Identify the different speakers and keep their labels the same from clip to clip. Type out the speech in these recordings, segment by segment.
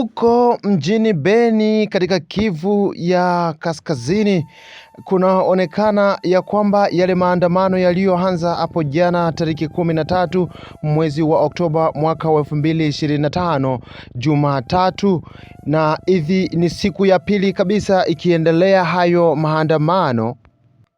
Speaker 1: Huko mjini Beni katika Kivu ya Kaskazini kunaonekana ya kwamba yale maandamano yaliyoanza hapo jana tariki kumi na tatu mwezi wa Oktoba mwaka wa elfu mbili ishirini na tano Jumatatu, na hivi ni siku ya pili kabisa ikiendelea hayo maandamano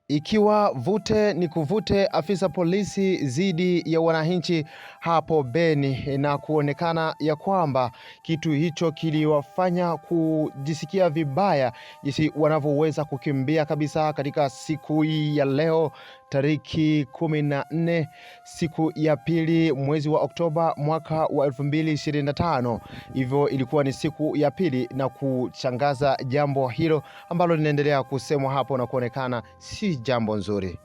Speaker 1: ikiwa vute ni kuvute afisa polisi dhidi ya wananchi hapo Beni eh, na kuonekana ya kwamba kitu hicho kiliwafanya kujisikia vibaya jinsi wanavyoweza kukimbia kabisa katika siku hii ya leo tariki 14 siku ya pili mwezi wa Oktoba mwaka wa 2025. Hivyo ilikuwa ni siku ya pili, na kuchangaza jambo hilo ambalo linaendelea kusemwa hapo na kuonekana si jambo nzuri.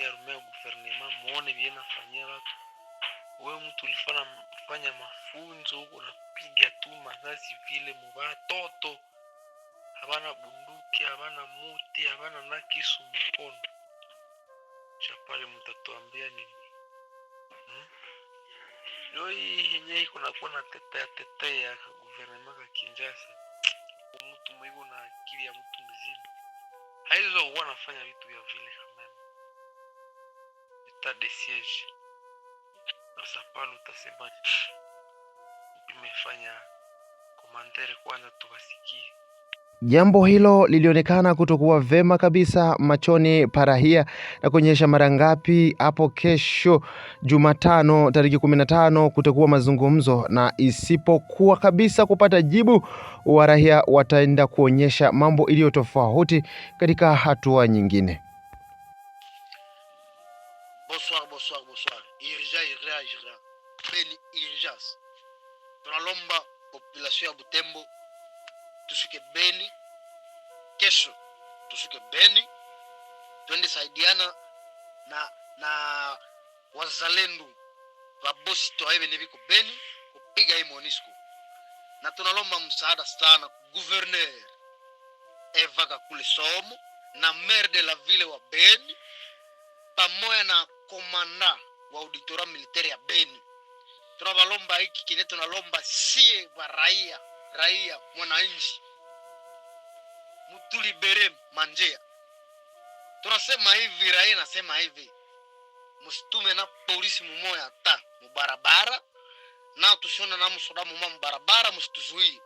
Speaker 2: chini ya rumea guvernema muone vile nafanyia watu. Wewe mtu ulifana fanya mafunzo huko napiga tu masasi vile mubatoto, habana bunduki, habana muti, habana na kisu mkono chapale, mtatuambia nini? Hmm? Leo hii yenyewe iko nakuwa na tetea tetea guvernema ka Kinshasa, mtu mwigo na akili ya mtu mzima haizo kuwa nafanya vitu vya vile l'état des sièges sasa pale utasema tumefanya komandere kwanza tuwasikie.
Speaker 1: Jambo hilo lilionekana kutokuwa vema kabisa machoni Parahia na kuonyesha mara ngapi hapo kesho Jumatano tariki 15 kutakuwa mazungumzo, na isipokuwa kabisa kupata jibu, Warahia wataenda kuonyesha mambo iliyo tofauti katika hatua nyingine.
Speaker 2: bonsoir, bonsoir. Irja, irja, irja. Peni urgence. Tunalomba population ya Butembo tushuke Beni kesho, tushuke Beni twende saidiana na na wazalendu vabosi toa vene viko Beni kupiga hii Monisco, na tunalomba msaada sana guverner Eva Kakule Somo na maire de la ville wa Beni pamoja na komanda wa auditora militaire ya Beni. Tunabalomba hiki kile, tunalomba sie wa raia, raia mwananchi, mutulibere manjea. Tunasema hivi, raia nasema hivi, musitume na polisi mumoya hata mubarabara na tusiona na musoda muma mubarabara, musituzuie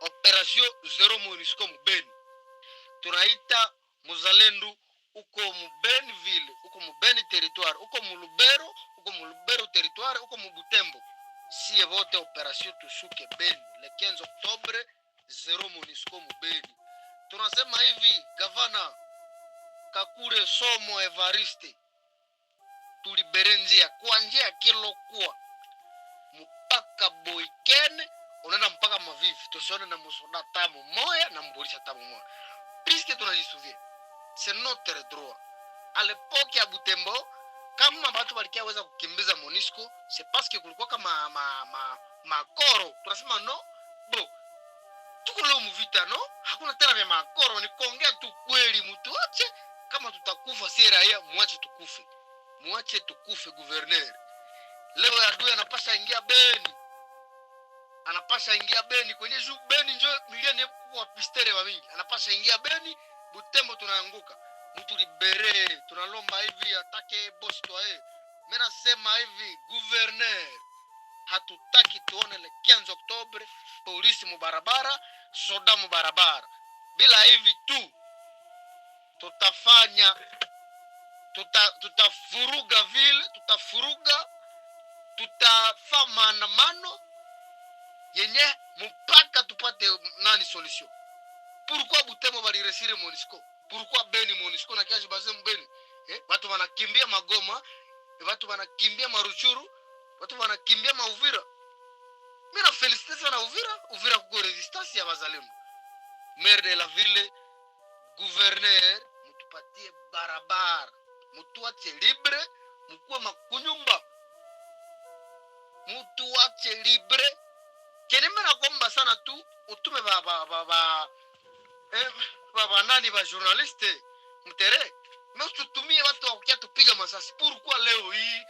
Speaker 2: operasio zero MONUSCO mubeni. Tunaita muzalendu uko mubenville uko mubeni territoire uko mulubero uko mulubero territoire uko mubutembo sie vote operation tushuke Beni le 15 Oktobre, zero MONUSCO mubeni. Tunasema hivi, gavana Kakule Somo Evariste, tulibere njia kwa njia ya Kilokwa mpaka Boikene, unaenda mpaka Mavivi, tusione na musona tamu moya na mbulisha tamu moya piske tunajisuvia c'est notre droit. A lepoke ya Butembo, kama watu walikiaweza kukimbiza Monisco, c'est parce que kulikuwa kama ma, ma, makoro tunasema no bo tuko leo mvita no, hakuna tena vya makoro, ni kuongea tu kweli. Mtu ache kama tutakufa si raia, mwache tukufe, mwache tukufe. Guverner leo adui anapasha ingia Beni, anapasha ingia Beni kwenye juu Beni njo miliani kwa pistere wa mingi, anapasha ingia Beni Butembo tunaanguka, mtu libere, tunalomba hivi atake bosi twae. Eh. Mimi nasema hivi governor, hatutaki tuone le 15 Oktobre polisi mubarabara, soda mubarabara. Bila hivi tu tutafanya tuta, tutafuruga vile tutafuruga, tutafaa maandamano yenye mpaka tupate nani solution. Pourquoi Butembo bali resire Monisco? Pourquoi Beni Monisco na kiaji bazemu Beni? watu eh, wanakimbia Magoma, watu wanakimbia Maruchuru, watu wanakimbia Mauvira. Mimi na felicite sana Uvira, Uvira kuko resistance ya bazalemu. Maire de la ville, gouverneur, mtupatie barabara, mtuache libre, mkuwe makunyumba. Mtuache libre. Kenimena komba sana tu, utume ba ba ba, ba eh, wavanani wa journaliste mtere meututumie watu wakukia tupiga masasi. Pourquoi leo hii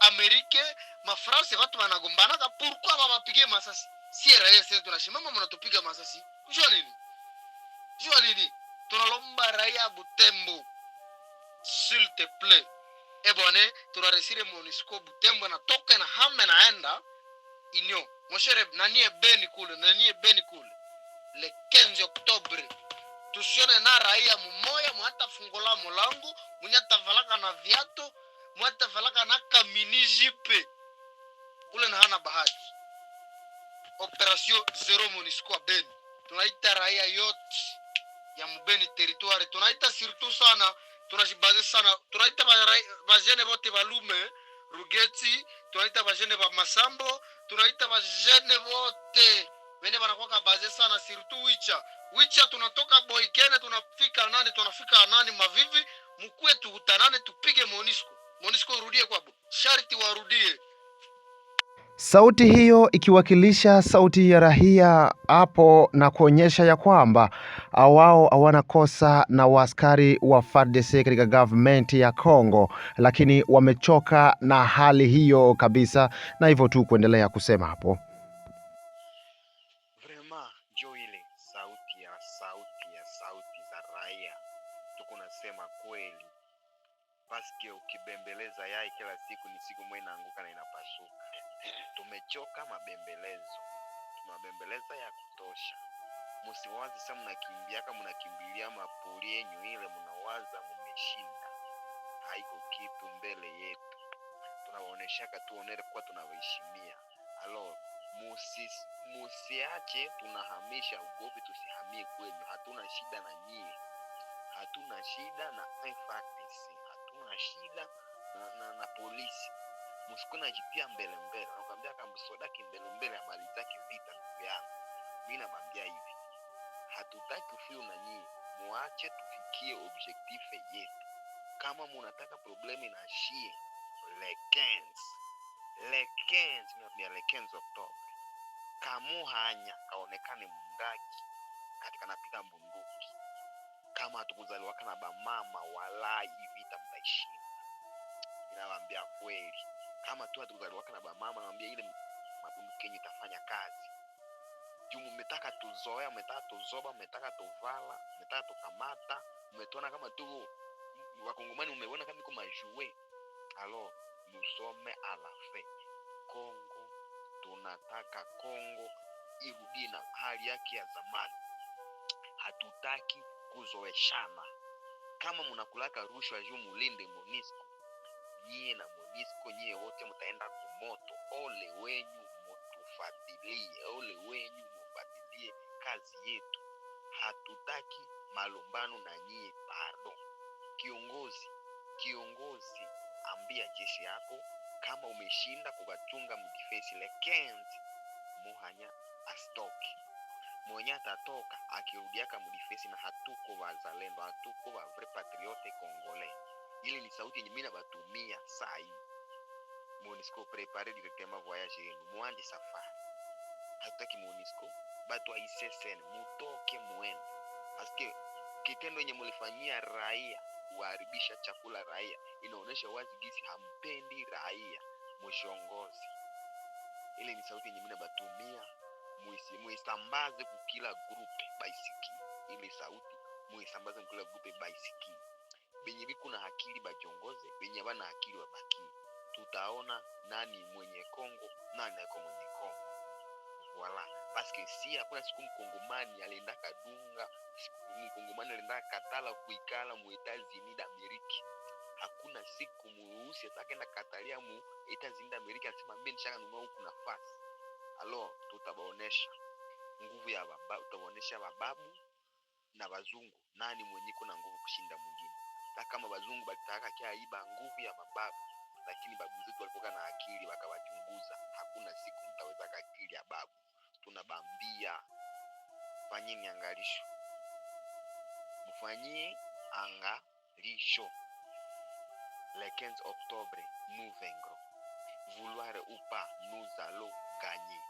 Speaker 2: Amerike mafrance watu wanagombanaka, pourquoi wawapige masasi? Sie raia tunashimama, mnatupiga masasi jua nini? Jua nini? Tunalomba raia Butembo, s'il te plaît, e bwana, tunaresire Monisco Butembo na toka na hame naenda inyo moshere beni kule nanie beni kule le 15 Oktobre tusione na raia mumoya mwatafungula mulangu munyatavalaka na viatu mwatavalaka na kaminijipe ule na hana bahati. Operasio zero MONUSCO Beni, tunaita raia yote ya mubeni territoire, tunaita surtout sana, tunajibaze sana, tunaita bajene bote balume Rugeti, tunaita bajene ba Masambo, tunaita bajene bote Wende wanakuwa baze sana sirtu wicha. Wicha tunatoka Boikene tunafika nani tunafika nani Mavivi, mkuwe tukutanane tupige Monisco. Monisco urudie kwabo. Sharti warudie.
Speaker 1: Sauti hiyo ikiwakilisha sauti ya rahia hapo na kuonyesha ya kwamba wao hawana kosa na waaskari wa FARDC katika government ya Congo, lakini wamechoka na hali hiyo kabisa, na hivyo tu kuendelea kusema hapo.
Speaker 3: kusema kweli, paske ukibembeleza yai kila siku ni siku mwe inaanguka na inapasuka. Tumechoka mabembelezo, tunabembeleza ya kutosha. Musiwazi sa mnakimbiaka mnakimbilia mapuli yenyu ile, mnawaza mumeshinda. Haiko kitu mbele yetu, tunawaoneshaka tuonere kuwa tunawaheshimia. Alo, musiache tunahamisha ugovi, tusihamie kwenu. Hatuna shida na nyie hatuna shida na FARDC, hatuna shida na, na, na polisi. Msikuna jitia mbele mbele, nakwambia kama msodaki mbele mbele, habari zake vita yangu. Mimi nakwambia hivi, hatutaki fuyo na nyinyi, muache tufikie objective yetu. Kama munataka problemi na shie lekens lekens, nakwambia lekens Oktoba kamuhanya kaonekane mundaki katika napita mbuni kama kana ba mama walai vita mtaishinda. Ninawaambia kweli, kama tu kana ba mama, naambia ile mabunduki yenyu itafanya kazi juu mmetaka tuzoea, mmetaka tuzoba, mmetaka tuvala, mmetaka tukamata, mmetuona kama tu Wakongomani, umeona kama iko majue. Alo, musome alafe Kongo, tunataka Kongo irudie na hali yake ya zamani. Hatutaki kuzoeshana kama munakulaka rushwa juu mulinde Monisco, nyie na Monisco nyie wote mutaenda kumoto. Ole wenyu mutufatilie, ole wenyu mufatilie kazi yetu. Hatutaki malumbano na nyie. Pardon kiongozi, kiongozi, ambia jeshi yako kama umeshinda kukachunga mukifesi lekenzi 15 muhanya astoki mwenye atatoka akirudia kamdifesi, na hatuko wazalendo, hatuko wa vrai patriote congolais. Ile ni sauti yenye mimi nabatumia saa hii. Monisco prepare directement voyage yenu, muande safari. Hatutaki Monisco batu aisesene, mutoke mwende, paske kitendo yenye mulifanyia raia kuharibisha chakula raia inaonyesha wazi gisi hampendi raia mshongozi. Ile ni sauti yenye mimi nabatumia muisambaze kukila grupe baisikie ile sauti muisambaze kukila grupe baisikie benye biko na hakili bajongoze benye bana hakili babakie tutaona nani mwenye kongo nani ako mwenye kongo wala paske si hakuna siku mkongomani alienda kadunga mkongomani alienda katala kuikala mu etazini da ameriki hakuna siku murusi atakenda katalia mu etazini da ameriki anasema mbe nishaka nunua huku nafasi alo tutabaonesha nguvu ya baba, tutabaonesha bababu na bazungu nani mwenye na nguvu kushinda mwingine. Hata kama bazungu balitaka kiaiba nguvu ya mababu, lakini babu zetu walipoka na akili wakawachunguza, hakuna siku mtawezaka akili ya babu. Tunabambia fanyeni miangalisho mfanyie angalisho le 15 octobre nous vaincrons upa nuzalo pas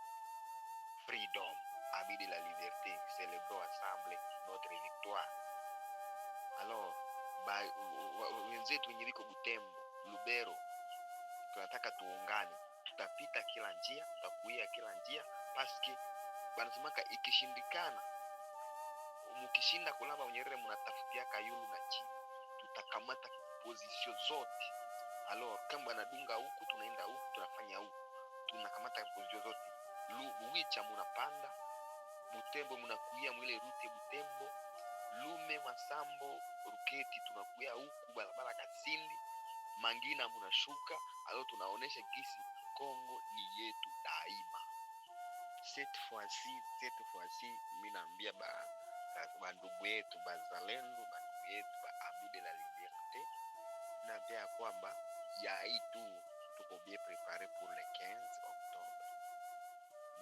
Speaker 3: freedom, habit de la liberté, célébrons ensemble notre victoire. Alors ba, wenzetu wenye viko Butembo, Lubero, tunataka tuungane, tutapita kila njia, tutakuia kila njia paske wanasemaka ikishindikana, mukishinda kulamba Unyerere munatafutiaka kayulu na chini, tutakamata pozisio zote. Alors kama wanadunga huku, tunaenda huku, tunafanya huku, tunakamata pozisio zote mwicha munapanda butembo munakuya mwile rute butembo lume masambo ruketi tunakuya huku barabara kasindi mangina munashuka alo tunaonesha gisi kongo ni yetu daima cette fois-ci cette fois-ci mimi naambia ba bandugu yetu bazalendo bandugu yetu ba ami de la liberté naambia ya kwamba yai tu tuko bien préparé pour le 15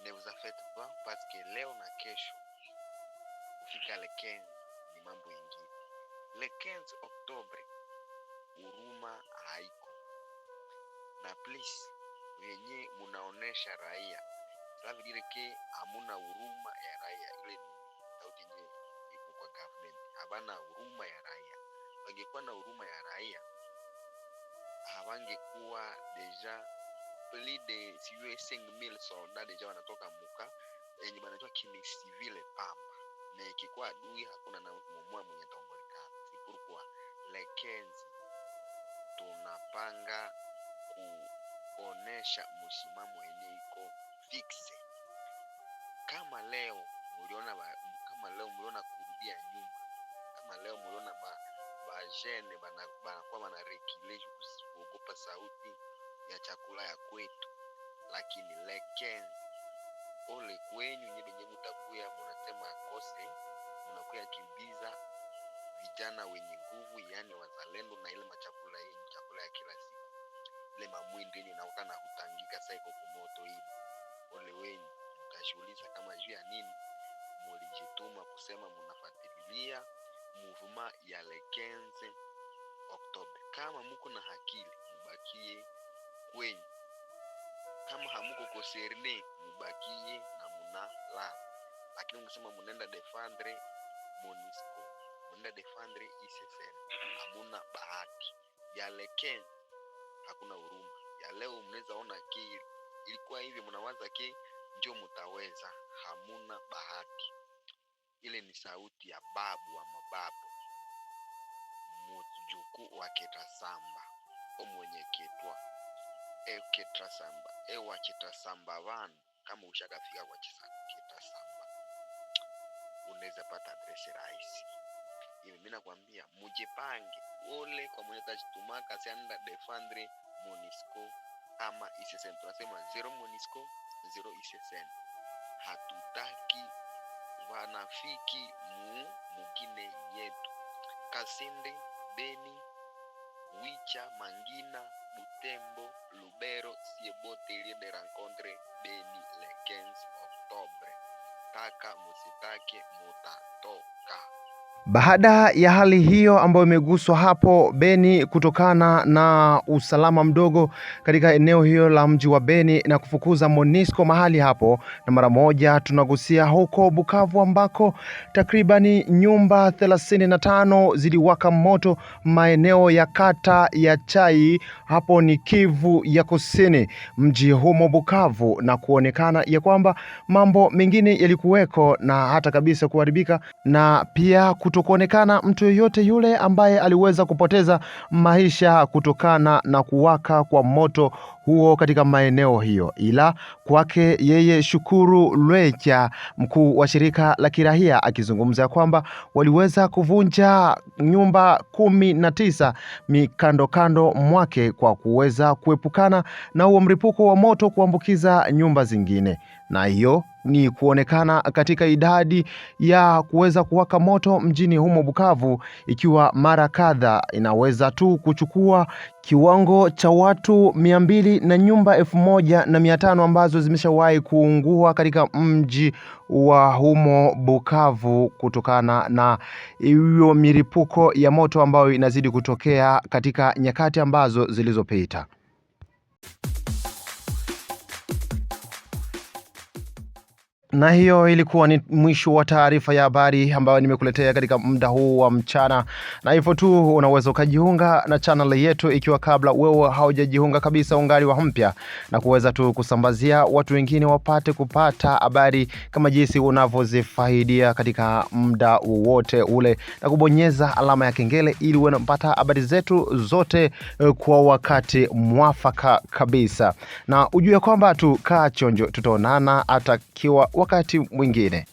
Speaker 3: Neuzafet Paske leo na kesho kufika Lekens ni mambo ingine. Lekens Oktobre huruma haiko, na please wenye munaonesha raia ke hamuna huruma ya raia. Ile ni sauti yenyewe iko kwa government, habana huruma ya raia. Wangekuwa na huruma ya raia, hawangekuwa deja plide sijue Seng Mills Soldad wanatoka Muka yenye eh, banaitwa kimisi vile pamba na ikikuwa adui hakuna na mumoya mwenye taongolikana sipurukwa lekezi. Tunapanga kuonesha msimamo yenye iko fixe. Kama leo muliona ba, kama leo muliona kurudia nyuma, kama leo muliona bajene banakuwa ba, kuogopa sauti ya chakula ya kwetu, lakini lekeni ole kwenyu nye benye mutakuya munasema akose, munakuya kimbiza vijana wenye nguvu, yani wazalendo, na ile machakula yenu, chakula ya kila siku ile mamwindi ni nauka na kutangika saiko kumoto hivi. Ole wenyu mukashughuliza kama juu ya nini mulijituma kusema munafuatilia muvuma ya le 15 Oktoba. Kama muko na akili mubakie kwenyu. Kama hamuko concerne, mubakie na munalala, lakini ungesema munaenda defendre Monisco, munaenda defendre ICCN, hamuna bahati ya yalekeni, hakuna huruma ya leo. Mnaweza ona ki ilikuwa hivi, mnawaza ki njo mutaweza, hamuna bahati. Ile ni sauti ya babu wa mababu mjukuu wa Ketasamba omwenyeketwa ekitra samba ekitasamba samba vanu kama ushakafika kwa samba unaweza pata adresi rahisi hivi. Mimi nakwambia mujipange ole kwa mwenye tachitumaka sianda defandre Monisco ama isesen Tunasema zero Monisco zero isesen hatutaki wanafiki mu mugine yetu kasinde Beni Wicha Mangina Butembo, Lubero, Siebote, lieu de rencontre Beni le 15 octobre. Taka musitake mutatoka.
Speaker 1: Baada ya hali hiyo ambayo imeguswa hapo Beni kutokana na usalama mdogo katika eneo hiyo la mji wa Beni na kufukuza Monisco mahali hapo, na mara moja tunagusia huko Bukavu ambako takribani nyumba 35 ziliwaka moto maeneo ya kata ya Chai, hapo ni Kivu ya Kusini, mji humo Bukavu, na kuonekana ya kwamba mambo mengine yalikuweko na hata kabisa kuharibika na pia kutokuonekana mtu yoyote yule ambaye aliweza kupoteza maisha kutokana na kuwaka kwa moto huo katika maeneo hiyo, ila kwake yeye Shukuru Lwecha, mkuu wa shirika la kirahia, akizungumza kwamba waliweza kuvunja nyumba kumi na tisa mikando kando mwake kwa kuweza kuepukana na huo mripuko wa moto kuambukiza nyumba zingine na hiyo ni kuonekana katika idadi ya kuweza kuwaka moto mjini humo Bukavu, ikiwa mara kadha inaweza tu kuchukua kiwango cha watu mia mbili na nyumba elfu moja na mia tano ambazo zimeshawahi kuungua katika mji wa humo Bukavu kutokana na hiyo milipuko ya moto ambayo inazidi kutokea katika nyakati ambazo zilizopita. Na hiyo ilikuwa ni mwisho wa taarifa ya habari ambayo nimekuletea katika muda huu wa mchana, na hivyo tu unaweza ukajiunga na channel yetu, ikiwa kabla wewe haujajiunga kabisa, ungali wa mpya, na kuweza tu kusambazia watu wengine wapate kupata habari kama jinsi unavyozifaidia katika muda wowote ule, na kubonyeza alama ya kengele ili unapata habari zetu zote eh, kwa wakati mwafaka kabisa, na ujue kwamba tu kaa chonjo, tutaonana hata kiwa wakati mwingine.